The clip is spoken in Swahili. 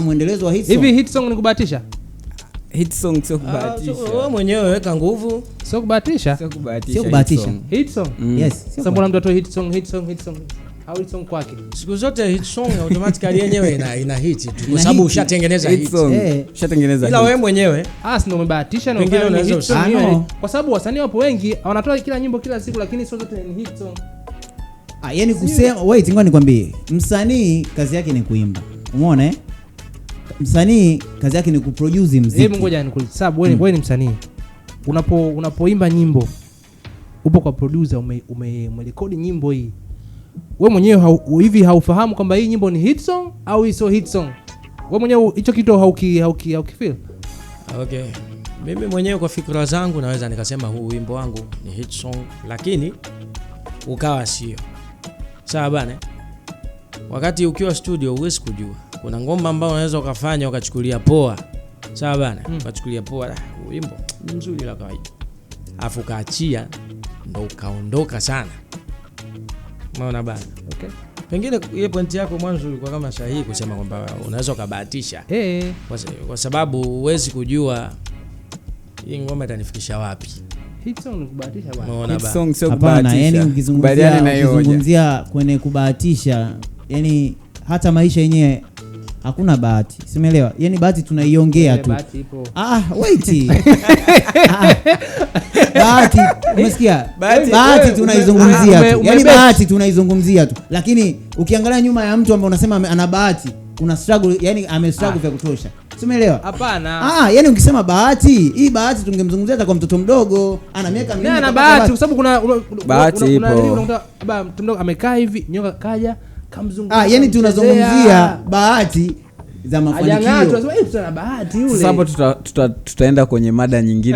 mwendelezo wa hit song. Hivi hit song ni kubahatisha? Hit song sio ah, kubahatisha. Wewe mwenyewe weka nguvu. Sio kubahatisha? Sio kubahatisha. Sio kubahatisha. Hit song. Mm. Yes. Sasa mbona mtu atoe hit song, hit song, hit song? Au hit song kwake? Siku zote hit song automatically yenyewe ina ina hit tu kwa sababu ushatengeneza hit. Eh. Ushatengeneza. Ila wewe mwenyewe ah, si ndio umebahatisha na wengine unaweza usinione. Kwa sababu wasanii wapo wengi wanatoa kila nyimbo kila siku lakini sio zote ni hit song. Ah, yani kusema wait, ngoja nikwambie. Msanii kazi yake ni kuimba. Umeona eh? msanii kazi yake ni kuproduce muziki. Ngoja nikuulize, sababu wewe mm. wewe ni msanii unapo unapoimba nyimbo upo kwa producer, umerekodi ume, nyimbo hii wewe mwenyewe hau, hivi haufahamu kwamba hii nyimbo ni hit song au hii sio hit song? Wewe mwenyewe hicho kitu hauki hauki hauki feel? Okay, mimi mwenyewe kwa fikra zangu naweza nikasema huu wimbo wangu ni hit song, lakini ukawa sio sawa bana. Wakati ukiwa studio huwezi kujua kuna ngoma ambayo unaweza ukafanya ukachukulia poa, sawa bana, mm. ukachukulia poa ah, wimbo mzuri la kawaida, afu kaachia ndo ukaondoka sana, maona bana, okay. Pengine ile pointi yako mwanzo ilikuwa kama sahihi kusema kwamba unaweza ukabahatisha hey. Kwa sababu huwezi kujua hii ngoma itanifikisha wapi. Ukizungumzia kwenye kubahatisha, yani hata maisha yenyewe hakuna bahati, simeelewa. Yani bahati tunaiongea tu, ah, wait ah, bahati umesikia? Bahati tunaizungumzia tu, yani bahati tunaizungumzia tu, lakini ukiangalia nyuma ya mtu ambaye unasema ana bahati una struggle, yani ame struggle ah. vya kutosha, simeelewa? Hapana, ah, yani ukisema bahati hii, bahati tungemzungumzia hata kwa mtoto mdogo, ana miaka mingi, ana bahati kwa sababu kuna bahati ipo, mtoto mdogo amekaa hivi, nyoka kaja ah, yani tunazungumzia bahati za mafanikio. Sasa tuta, tuta, tutaenda kwenye mada nyingine.